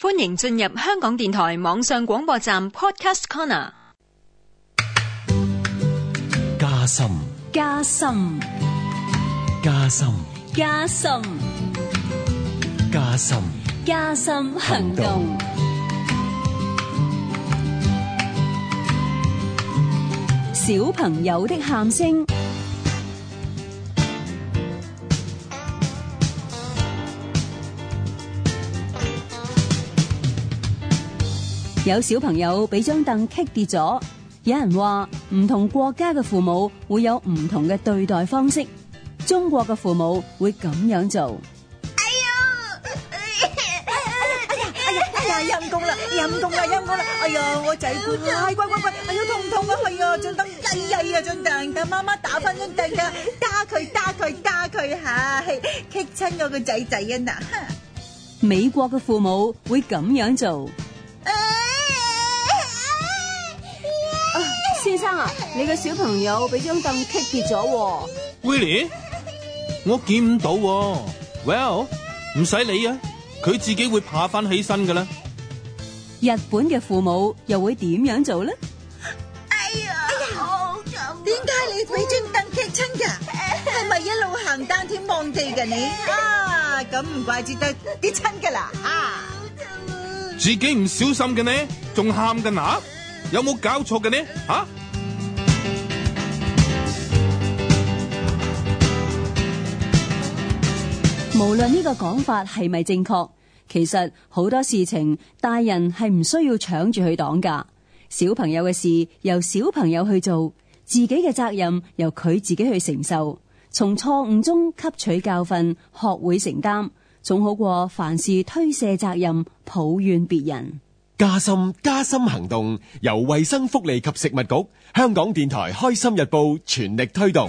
歡迎進入香港電台網上廣播站 Podcast Corner。加深，加深，加深，加深，加深，加深行動。行動。小朋友的喊聲。有小朋友俾張凳棘跌咗，有人話唔同國家嘅父母會有唔同嘅對待方式。中國嘅父母會咁樣做。哎呀，哎呀，哎呀，哎呀，哎呀，陰功啦，陰功啦，陰功啦！哎呀，我仔太乖乖乖，哎呀，痛唔痛啊？哎呀，張凳曳曳啊，張凳，等媽媽打翻張凳啊，加佢加佢加佢下，棘親我個仔仔啊！嗱，美國嘅父母會咁樣做。先生啊！你個小朋友俾張凳棘跌咗喎。Willie，Really? 我見唔到啊。Well，唔使理啊，佢自己會爬翻起身噶啦。日本嘅父母又會點樣做咧？哎呀哎呀，我好痛！點解你俾張凳棘親噶？係、嗯、咪一路行單天望地㗎？你 啊？咁唔怪之得跌親噶啦。自己唔小心嘅呢，仲喊噶嗱？有冇搞錯嘅呢？吓、啊？無論呢個講法係咪正確，其實好多事情大人係唔需要搶住去擋噶，小朋友嘅事由小朋友去做，自己嘅責任由佢自己去承受，從錯誤中吸取教訓，學會承擔，總好過凡事推卸責任、抱怨別人。加深家心行動，由衛生福利及食物局、香港電台、開心日報全力推動。